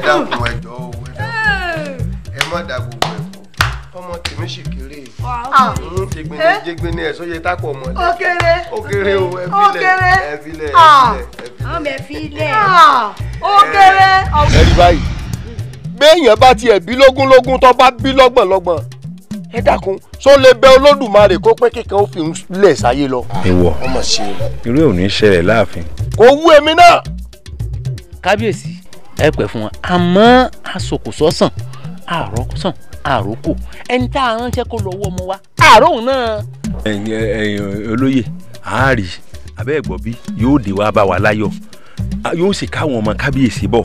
dákun ẹ jọ o ẹ má da gbogbo ẹ pọ̀ ọmọ tèmi sì kéré jẹgbẹjẹgbẹ ni ẹsọ yẹ takọ ọmọ rẹ òkèrè òkèrè o ẹfilẹ ẹfilẹ ẹfilẹ ah. ẹfilẹ òkèrè. Ah. ẹ rí báyìí béèyàn bá tiẹ̀ bí lógúnlógún tó bá bí lọ́gbọ̀nlọ́gbọ̀n ẹ dákun sọ lè bẹ olódùmarè kó pé kíkan ó fi ń lẹ̀ sáyé lọ. ìwọ irú ẹ̀ ò ní ṣẹlẹ̀ láàfin. kò wú èmi náà kábíyèsí ẹ pẹ́ fún wọn àmọ́ asokòsọ́sàn àròkọ́sàn àròkò ẹni tá a ránṣẹ́ kó lọ wọ́ ọmọ wa àròhùn náà. ẹ̀yin ẹ̀yin olóyè àárí abẹ́ ẹ̀gbọ́ bí yóò dé wá bá wa láyọ̀ yóò sì káwọn ọmọ kábíyèsí bọ̀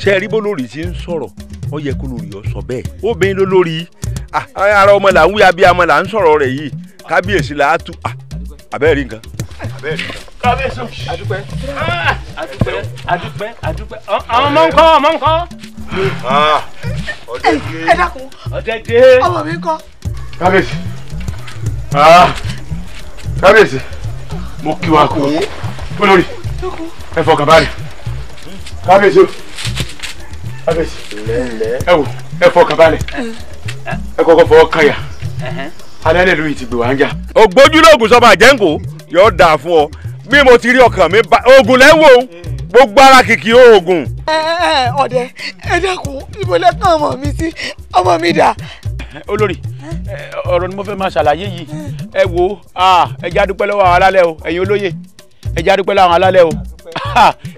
ṣe é rí bó lórí ti ń sọ̀rọ̀ ó yẹ kó lórí ọ sọ bẹ́ẹ̀ obìnrin ló lórí ara ọmọ là ń wí abiyamọ là ń sọ̀rọ̀ rẹ̀ yìí kábíyèsí là á tú abẹ́rẹ́ nǹkan kábíyèsí adúpẹ́ adúpẹ́ adúpẹ́ adúpẹ́ àwọn ọmọ ńkọ́ ọmọ ńkọ́. ọdẹ dé ẹ dákun ọdẹ dé ọmọ mi ńkọ́. kábíyèsí kábíyèsí mo kí wa kú olórí ẹ fọkàn balẹ̀ kábíyèsí o kábíyèsí ẹ wò ẹ fọkàn balẹ̀ ẹ kọ́kọ́ fọwọ́ kàyà alálẹ̀ lóyún ti gbé wá ń jà. ògbójúlógún sọba àjẹ́ǹkó yóò dà fún ọ bí mo ti rí ọkàn mi bá oògùn lẹ́wọ̀ gbogbo ara kìkì oògùn. ẹ ẹ ọdẹ ẹ dákun ibo lẹkàn ọmọ mi sí ọmọ mi dà. olórí ọ̀rọ̀ ni mo fẹ́ máa ṣàlàyé yìí ẹ wo ẹ jẹ́ adúpẹ́ lọ́wọ́ àwọn alálẹ̀ o ẹ̀yin olóye ẹ jẹ́ adúpẹ́ lọ́wọ́ àwọn alálẹ̀ o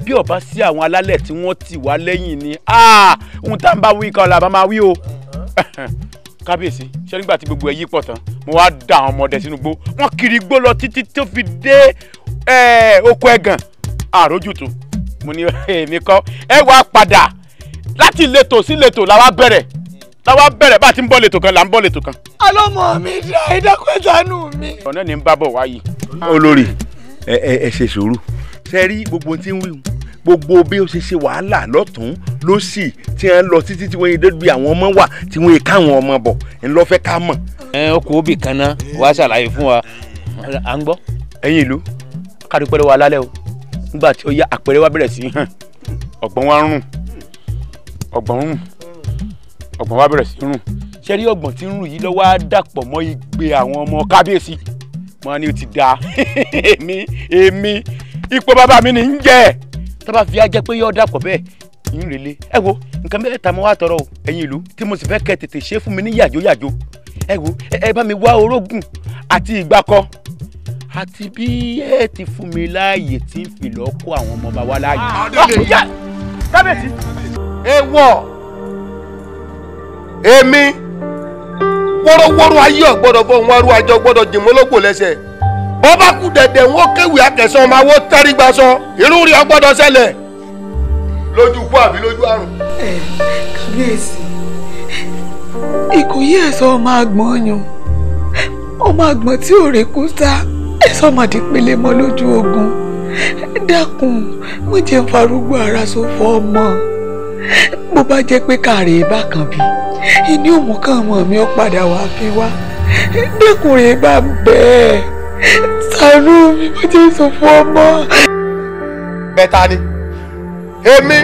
bí ọba sí àwọn alálẹ̀ tí wọ́n ti wá lẹ́yìn ni ohun tá à ń bá wí kan là bá máa wí o. [LAUGHS] kábíyèsí ṣé nígbà tí gbogbo ẹ yí pọ̀ tán mo wá da àwọn ọmọdé sínú gbó wọn kiri gbó lọ títí tó fi dé oko ẹ̀gàn àrójútu mo ní èmi kọ́ ẹ wá padà láti ìletò sí ìletò làwa bẹ̀rẹ̀ làwa bẹ̀rẹ̀ bá ti ń bọ̀ lètò kan là ń bọ̀ lètò kan. ọlọ́mọ mi dá ìdákọ̀ẹ́sánú mi. ọ̀nà ni ń bá bọ̀ wáyé. olórí ẹ ẹ ṣe sùúrù ṣe rí gbogbo ohun tí ń wí gbogbo bí ó ṣe ṣe wàhálà lọ́tún lọ́sì tí wọ́n lọ títí tí wọ́n yẹ débi àwọn ọmọ wà tí wọ́n yẹ káwọn ọmọ bọ̀ ń lọ fẹ́ ká mọ̀. ẹ ọkọ òbí kan náà wàá ṣàlàyé fún wa à ń gbọ́. ẹ̀yin ìlú kádùpẹ́ lọ́wọ́ alálẹ̀ o nígbà tí ó yá àpẹẹrẹ wa bẹ̀rẹ̀ sí hàn ọ̀gbọ́n wa rùn ọ̀gbọ́n rùn ọ̀gbọ́n wa bẹ̀rẹ̀ sí rùn ṣe rí ọ̀gbọ́n tí ń rùn yìí lọ́wọ́ á dàpọ̀ mọ́ igbe àwọn ọmọ kábíyèsí mo ní o ti da [LAUGHS] èmi èmi ipò bàbá mi ní ń jẹ́ ẹ̀ tábà fi ajẹ́ pé yọ dàpọ̀ bẹ́ẹ̀ yín rèlé ẹ wo nǹkan mẹ́tẹ̀ẹ̀ta mo wá tọrọ o ẹ̀yin ìlú tí mo sì fẹ́ kẹ́ tètè ṣe fún mi ní yàjóyàjó ẹ wo ẹ bá mi wá orógùn àti ìgbàkọ àti bí ẹ ti fún mi láàyè tí ń fi lọ́ọ́ kó àwọn ọmọ ọba wa láàyè. Ah, ah, kábíyèsí. èèwọ̀ èmi wọ́rọ́wọ́rọ́ ayé ọ̀gbọ́dọ̀ fọ́ òun arúgbó àjọ gbọ́dọ̀ jìmọ́lógbò lẹ́sẹ̀ bọ́bá kú dẹ̀dẹ̀ wọ́n kéwì akẹ̀sán ọmọ awó tẹ́rígbà sọ irú rí ọgbọ́dọ̀ ṣẹlẹ̀ lójú kú àbí lójú àrùn. ẹ kábíyèsí ìkòyí ẹ̀sọ́ ọmọ àgbọ̀n yun ọmọ àgbọ̀n tí ò kú sá ẹ̀sọ́ ọmọ àdìpele mọ́ lójú ogun dákun mo jẹ́ farúgbó ara sófò ọmọ bó bá jẹ́ pé káàrè e bá kàn bí ìní òmùkàn ọmọ mi ó padà wá fi wá dákun rè bá bẹ́ẹ̀ sànú mi mo ti sùn fún ọmọ. mẹ́ta ni èmi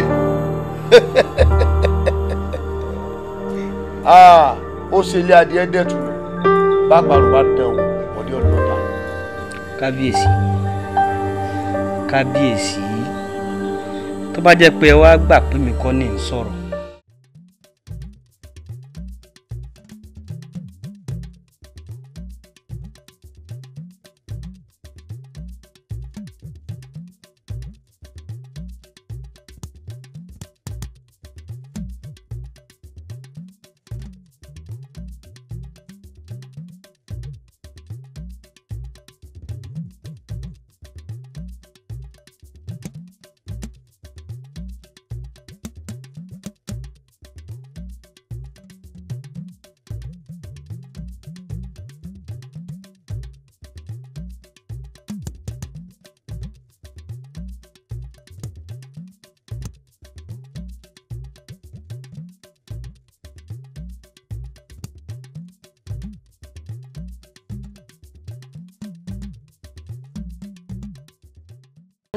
[LAUGHS] ah, ó ṣe ilé adìẹ dẹ́tù bá parọ́ bá dẹ̀ ọ́ ọdẹ ọ̀dọ́ta. kábíyèsí kábíyèsí tó bá jẹ́ pé ẹ wá gbà pé mi kọ́ ni ń sọ̀rọ̀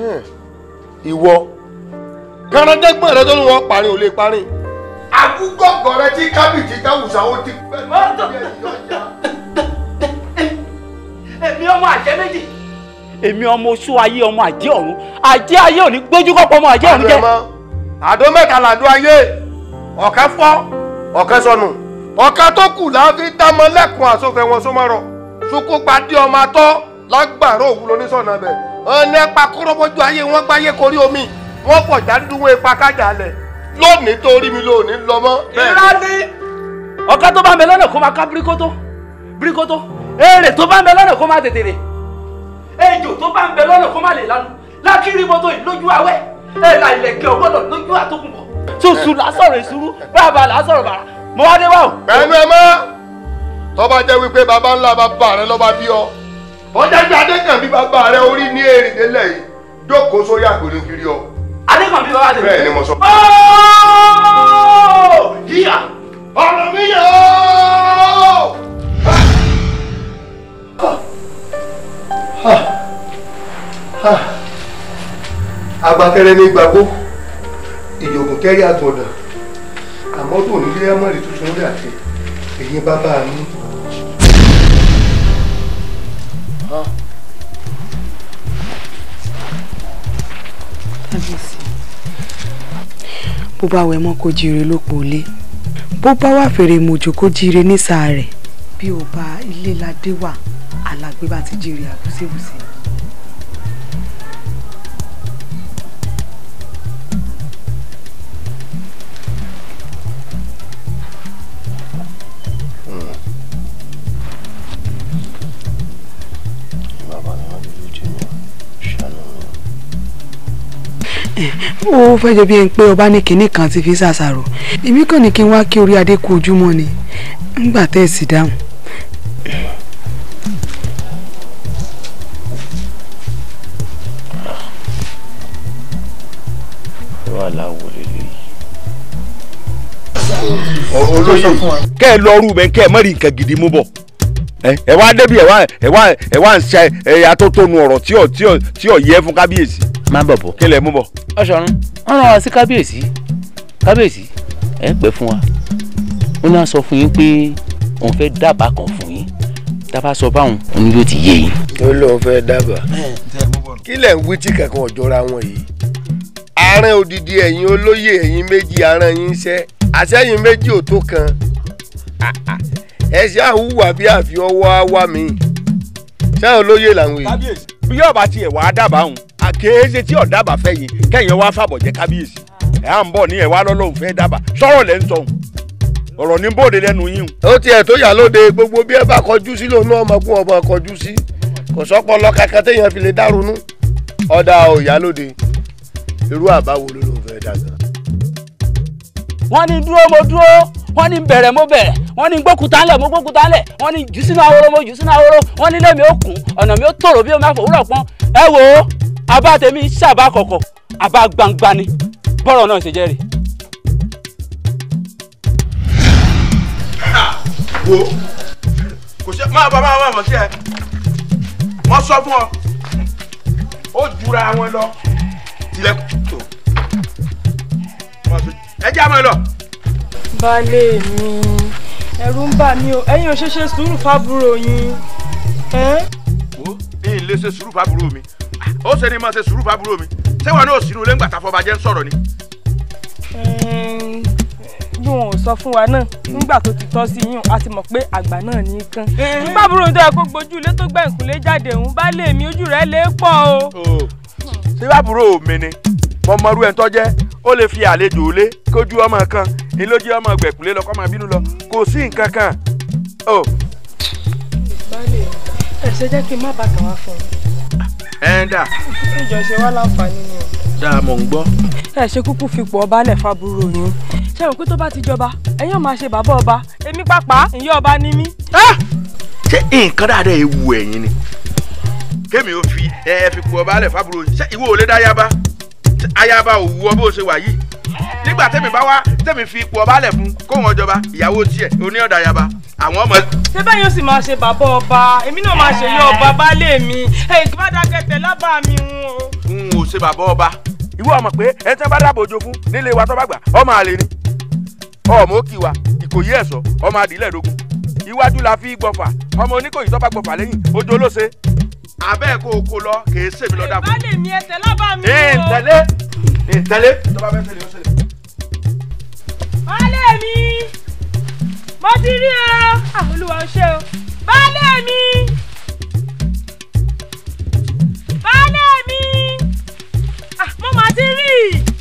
Hmm. ìwọ kẹrẹdẹgbọn rẹ tó ń wọ parí ò lè parí. àgùgọ̀gọ̀ rẹ tí kábíyèsí táwùsà ó ti pẹ́ lórí ẹ̀yọ́ ọjà. èmi ọmọ àjẹ́ méjì èmi ọmọ oṣù ayé ọmọ àjẹ́ ọ̀run àjẹ́ ayé òní gbójú kọ́pọ̀ ọmọ àjẹ́ ọ̀run jẹ́. àdó mẹ́ta làdó ayé ọ̀kẹ́ fọ́ ọ̀kẹ́ sọnù ọ̀kẹ́ tó kù láà dámọ́ lẹ́kùn àsọ̀fẹ́ wọn sọmọ́rọ̀ sukú padì ọmọ atọ́ lágbàrá òwúlò oníṣọ̀nà bẹ́ẹ̀ ọ̀nà ẹ̀pà kúrọ́bọ́jú ayé wọ́n gbáyé korí omi wọ́n pọ̀ jádúwọ́ ipa kájà lẹ̀ lónìí tó rí mi lónìí lọ mọ́. ìrá ni ọ̀ká tó bá mi lọ́nà kó máa ká bíríkótó bíríkótó èrè tó bá mi lọ́nà kó máa tètè rè ejò tó bá mi lọ́nà kó máa lè lanu lákìrí mọ́tò yìí lójú awẹ́ ẹ̀rà ìlẹ̀kẹ̀ ọ̀gbọ́dọ̀ lójú àtòkùnbọ̀. tuntun lásọ̀rọ̀ ìṣúrú bàbá lásọ̀rọ̀ bàrà mo wá dé wá o. ẹnu ẹ mọ́ tọ́ba jẹ́ wípé baba ńlá bàbá rẹ lọ́ba bí ọ ọ̀dájú adékànbí bàbá rẹ orí ní èrè délẹ̀ yìí jókòó sórí àgbèrè kiri ọ. adékànbí bàbá rẹ bẹ́ẹ̀ ni mo sọ. yíyà ọ̀rọ̀ mi yà agbákẹ́rẹ́ ní gbàgbó ìjòkùn kẹ́rí àgbọ̀dàn àmọ́ tó ní bí ẹ mọ̀ rí tuntun rẹ̀ èyí bàbá mi bó bá wẹ mọ́ kó jíire ló pòlé bó bá wà fèrè mòjò kó jíire nísàárẹ̀ bí ò bá ilé ládé wà ti jíire àbúṣẹ́bùṣẹ́. ó fẹ́ jẹ́ bí ẹni pé ọba ní kinní kan ti fi ṣàṣàrò èmi kàn ní kí n wá kí orí adé kú ojúmọ́ ni ńgbà tẹ́ ẹ̀ sì dáhùn. kẹ́ ẹ lọ́ọ́rù bẹ́ẹ̀ kẹ́ ẹ mọ̀rí nǹkan gidi mú bọ̀ ẹ wá débi ẹ wá ẹ wá ẹ wá ń ṣe ẹyà tó tónu ọ̀rọ̀ tí ò tí ò tí ò yẹ fún kábíyèsí. má bọ̀ bọ̀ kílẹ̀ mú bọ̀. ọ̀ṣọ́run wọ́n rán wa sí kábíyèsí kábíyèsí ẹ̀ ń pẹ́ fún wa ó náà sọ fún yín pé òun fẹ́ dábàá kan fún yín dábàá sọ báwọn òun yóò ti yé yín. ó lóun fẹ́ dábàá kílẹ̀ ń wí tí kankan ọ̀jọ́ra wọn yìí àárín odidi ẹ̀yin olóyè ẹ̀yin méjì àárín yín iṣẹ́ àṣẹ́yìn méjì ò tó kan ah, ah. ẹ ṣe àhùwà bí àfi ọwọ́ wá mi ṣáà olóyè làwọn èèyàn. bí ọba tiẹ̀ wàá dábàá òun àkéèṣe tí ọ̀dàbà fẹ́ yìí kẹ́yìn wá fàbọ̀ jẹ́ kábíyèsí ẹ̀ à ń bọ̀ ní ẹ̀wá lọ́lọ́hùn fẹ́ dábàá sọ̀rọ̀ lẹ́ ń sọ ọ̀rọ̀ ní lẹ́nu yín. ó tiẹ̀ gbogbo bí ẹ bá kọjú sí ọmọkùn ọmọ kọjú sí kò wọ́n ní dúró wọ́n ní bẹ̀rẹ̀ mo bẹ̀rẹ̀ wọ́n ní gbókúta ńlẹ̀ mo gbókúta ńlẹ̀ wọ́n ní jù sínú ahoro mo jù sínú ahoro wọ́n ní lẹ́mi ó ọ̀nà mi ó tòrò bí omi àfòwúrọ̀ pọ́n ẹ wo abá tèmi kọ̀kọ̀ abá gbangba ni bọ́rọ̀ náà ṣe jẹ́ wo kò ṣe máa bá máa bọ̀ sí ẹ wọ́n sọ fún ọ ó jura wọn lọ tilẹ̀kùn tó ẹ jẹ́ àmọ́ ẹ lọ baálé mi ẹ̀rù ń bà mí o ẹ̀yin ò ṣe ṣe sùúrù fábúrò yín. wo ẹ̀yin lè ṣe sùúrù fábúrò mi ó ṣe ni mo ṣe sùúrù fábúrò mi ṣé wọn náà sínú ilé ń gbàtà fọbajẹ ń sọ̀rọ̀ ni. bí wọn ò sọ fún wa náà nígbà tó ti tọ́ sí yín a ti mọ̀ pé àgbà náà ní í kan. nígbà búrò tó yẹ kó gbójú ilé tó gbẹ̀ǹkùlé jáde òun baálé mi ojú rẹ̀ lè pọ̀ o. ṣé bá mi ni mo mọrú ẹ̀ ń tọ́jẹ́ ó lè fi àlejò lé kójú ọmọ kan ni ló jẹ́ ọmọ gbẹ̀kúlé lọ kọ́mọ bínú lọ kò sí nǹkan kan. baálé ẹ ṣe jẹ́ kí n má bàtà wá fún un. ẹ ń dà. ìjọ ṣe wá láǹfààní ni o. dáa mò ń gbọ́. ẹ ṣe kúkú fipò ọba lẹ̀ fábúrò yín ṣé òun pé tó bá ti jọba ẹ̀yin máa ṣe bàbá ọba èmi pàápàá ìyá ọba ni mí. ṣé nǹkan dáadáa ewu ẹ̀yin ni kémi ò fi ẹ fi pò ọba lẹ̀ fábúrò yín ṣé ìwọ ò lè dá yá bá ayaba òwú ọ bó ṣe wà yìí nígbà tẹ́mi bá wá tẹ́mi fi ipò ọba lẹ̀ fún kóhun ọjọba ìyàwó tiẹ̀ oníọ̀dà ayaba àwọn ọmọ. ṣé bẹ́ẹ̀ yóò sì máa ṣe bàbá ọba èmi náà máa ṣe yí ọba baálé mi èyí bá dákẹ́tẹ̀ lábàá mi ń o. n ò ṣe bàbá ọba ìwọ ọmọ pé ẹni tí wọn bá dáàbò jogún nílé wa tó bá gbà ọmọ àlè ni ọmọ òkì wa ìkòyí ẹ̀sọ́ ọmọ adìlẹ̀ dogun iwájú la fi gbọ̀fà ọmọ oníkòyí tó bá gbọ̀fà lẹ́yìn ojú olóṣè abẹ́ kó o kó lọ kì í sèmi lọ́dà kù. ìbálẹ̀ mi ẹ tẹ̀lé bá mi lọ. ee ntẹ̀lé ntẹ̀lé ìjọba bẹ́ẹ̀ tẹ̀lé ọ̀sẹ̀ lè. baálé mi mo ti rí o ah, olúwa ń ṣe o baálé mi baálé mi ah, mo máa ti rí i.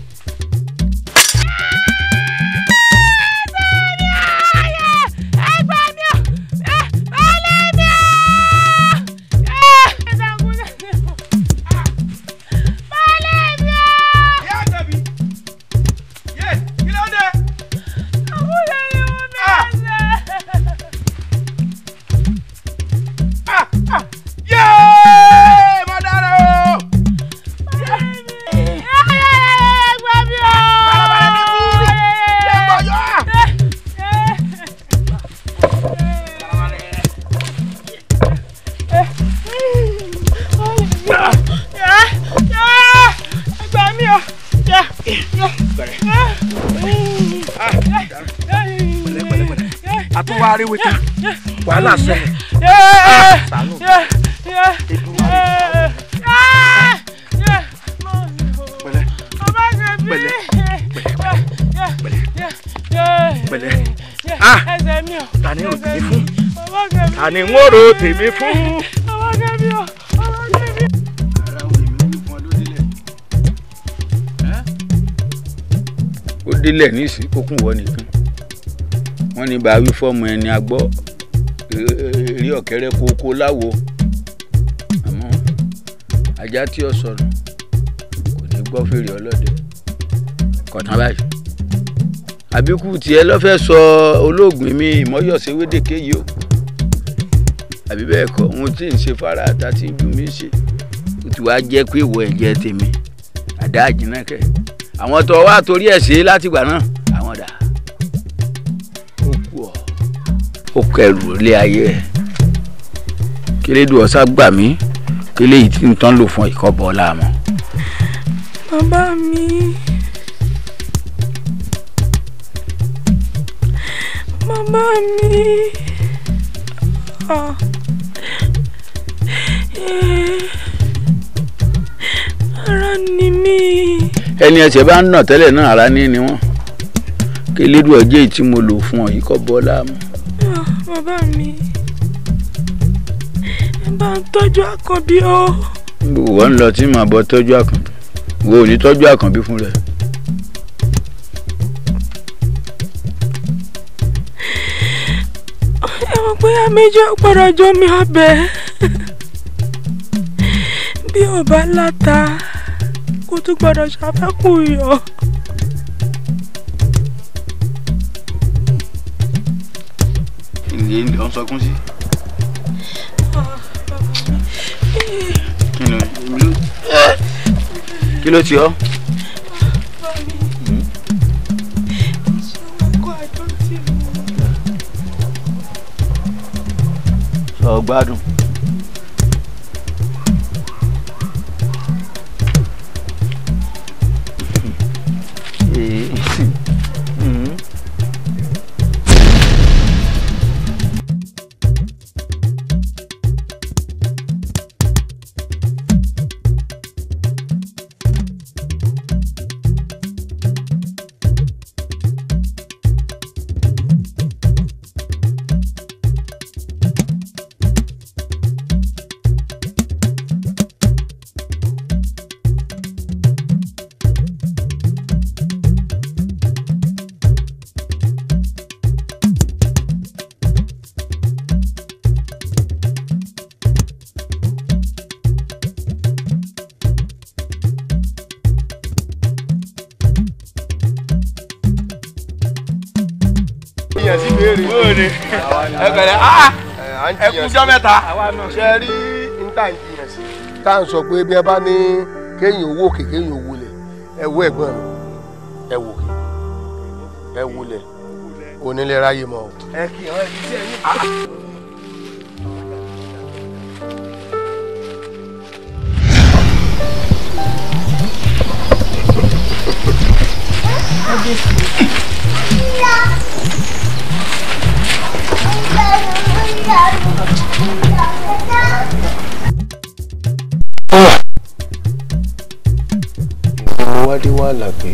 ro tèmi fún. ó délẹ̀ ní ìsìnkókùn wọ nìkan wọ́n ní bàá wí fọ́ọ̀mù ẹni agbọ́ rí ọ̀kẹ́rẹ́ kókó láwo àmọ́ ajá tí ó sọnù kò ní gbọ́ fèrè ọlọ́dẹ kọ̀tán báyìí àbíkú tiẹ̀ lọ́fẹ́ sọ olóògbé mi ìmọ̀yọ̀sẹ̀wédèké yìí o àbí bẹ́ẹ̀ kọ́ ohun tí ń ṣe fara àta tí ibi mi ṣe ó ti wá jẹ́ pé ìwọ ẹ̀jẹ̀ tèmi àdá àjìnàkẹ́ àwọn tó wá torí ẹ̀ ṣe látìgbà náà àwọn dà ó kú ọ ó kẹrù lé ayé ẹ kérédù ọ̀sá gbà mí kélé yìí ti ń tán lò fún ìkọ́bọ̀ ọ̀la bàbá mi. bàbá mi ara ni mí. ẹni ẹsẹ̀ bá ń nà tẹ́lẹ̀ náà ara ní ni wọ́n kí lédùn ọjọ́ tí mo lò fún ọ yìí kọ́ bọ́ láàmú. bàbá mi ẹ bá ń tọ́jú àkànbí o. wọ́n ń lọ tí màá bọ́ tọ́jú àkànbí wo ò ní tọ́jú àkànbí fún rẹ̀. bóyá méjì ọ̀pọ̀rọ̀ jọ mi ọbẹ̀ bí ọba láta kó tún gbọ́dọ̀ ṣàfẹ́kù yọ. ìdí ìdí ọ̀n sọkún sí. Ah, kí ló ti ọ́. ó bẹ̀rẹ̀ ah, ah. eh, ẹkúnjọ́ mẹ́ta. ṣe rí níta ń jiyàn sí. tá à ń sọ pé bí ẹ bá ní kéèyàn owó òkè kéèyàn owó ẹ wo ẹ̀gbọ́n mi ẹ wò ẹ wò onílẹ̀ ráyè mọ́. ẹ kì í ọ̀rẹ́ ti ṣe é ní. wádé wá làgbé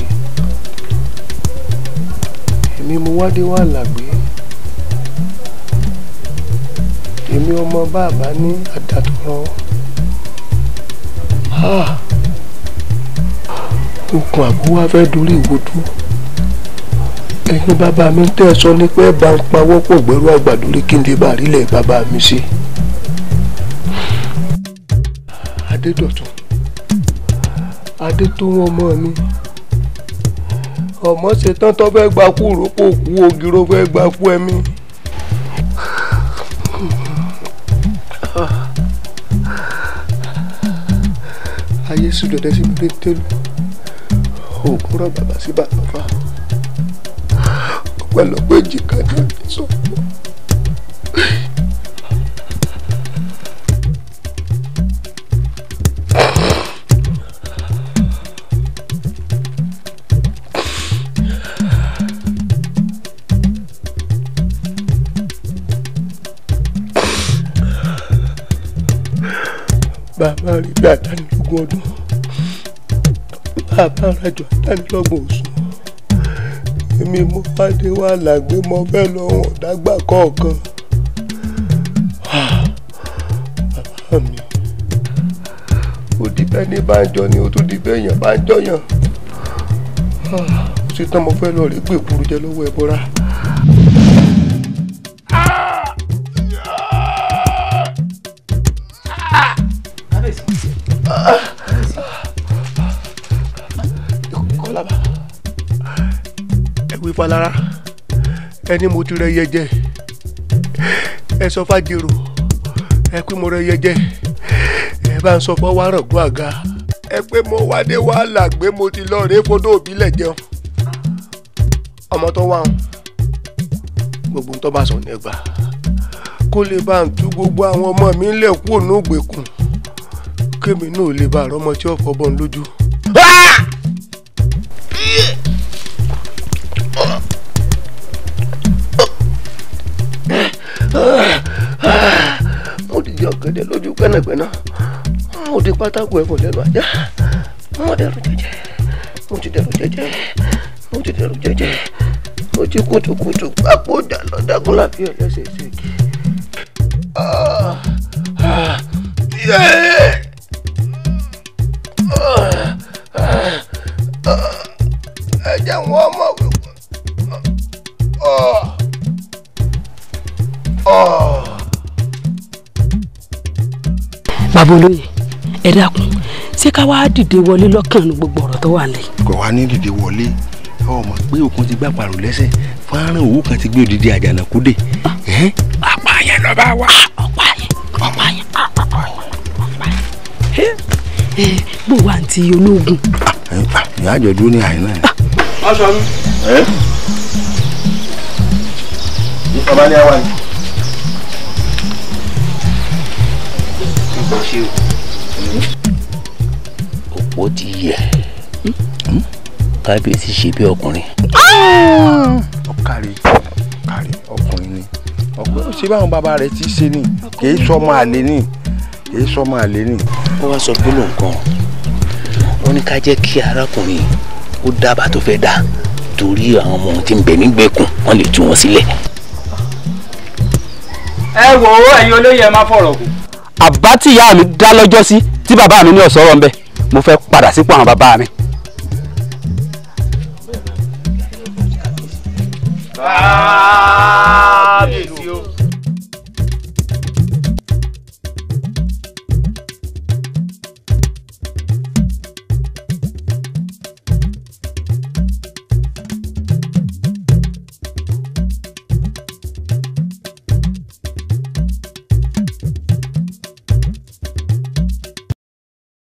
èmi mo wádé wá làgbé èmi ọmọ bàbá ní àdàtúrọ ah! okùn àbúwá fẹ́ dorí ìwòdú ẹ̀yin bàbá mi tẹ́ ẹ sọ ní pé ẹ bá ń pawọ́ pọ̀ gbẹ́rú àgbàdo rí kí n lè bá àrílẹ̀ bàbá mi sí. adédọ̀tún adé tó wọ́n mọ́ mi ọmọ ṣetán tó fẹ́ gba kú rògbò kú ògìrò fẹ́ gba kú ẹ̀mí. ayé sùn dẹ̀dẹ̀ dé tẹ́lu òògùn rọ̀ bàbá sí bàbá fáà ọ̀pọ̀lọpọ̀ èjìká ní àfisọ. bàbá rí bí àtàlélógún ọdún bàbá rájọ àtàlélọ́gbọ̀n oṣù èmi mo fàdé wà lágbé mọ bẹ́ẹ̀ lọ́wọ́n dágbà kọ̀ọ̀kan. bàbá ah, mi ò dìbẹ́ ní báńjọ ni ó tún dìbẹ́ yàn báńjọ yàn. Ah, ó ti tán mo fẹ́ lọ rí gbèkúrú jẹ lọ́wọ́ ẹ bọ́ra. palara ẹni mo ti rẹ yẹjẹ ẹ sọ fàjèrò ẹ pé mo rẹ yẹjẹ ẹ bá ń sọ fọ wá rọgbọ àga ẹ pé mo wádé wá làgbé mo ti lọ rèé fodó òbílẹ̀ jẹun ọmọ tó wà ń gbogbo tó bá sọ ní ẹgbà kó lè bá ń tú gbogbo àwọn ọmọ mi lẹ̀ kúrò ní ògbèkùn kémi náà lè bá àrọ́mọ tí ó fọ́ bọ́n lójú. gbẹ́nàgbẹ́nà mo di pátákó ẹ̀fọ́ lẹ́nu ajá mo dẹrù jẹjẹ mo ti dẹrù jẹjẹ mo ti dẹrù jẹjẹ mo ti kùtùkùtù pápó dà lọ́dàgún láfi ọ̀lẹ́sẹ̀ẹ́sẹ̀ kì í. Ah. bàbá olóye ẹ dákun ṣé ká wá dìde wọlé lọ́kàn ní gbogbo ọ̀rọ̀ tó wà lẹ́yìn. kò wá ní dìde wọlé ọ mọ̀ pé òkun ti gbá parùn lẹ́sẹ̀ fọ́nrán òwú kan ti gbé òdìdí àjànàkú dé. apààyàn ló bá wá. ọ̀pààyàn ọ̀pààyàn ọ̀pààyàn. bó wà ní ti ológun. ìyá àjọ dúró ní àyínà. ọ̀sán mi. bàbá ní àwa ni. ṣe o. òpó ti yẹ kábíyèsí ṣe bí ọkùnrin. ọkàrí ọkàrí ọkùnrin ni ọkùnrin ṣé báwọn bàbá rẹ ti ṣe ni kìí sọmọ àlè ni kìí sọmọ àlè ni. ó wá sọ pé lóǹkan ó ní ká jẹ́ kí arákùnrin ó dábàá tó fẹ́ dá torí àwọn ọmọ ohun tí ń bẹ nígbèkùn wọn lè tú wọn sílẹ̀. ẹ wò ó ẹ̀yin olóyè ẹ má fọ̀rọ̀ kù àbá tí ìyá mi dá lọ́jọ́ sí tí bàbá mi ní ọ̀sọ́rọ̀ ńbẹ mo fẹ́ padà sípò àwọn bàbá mi. bàbá.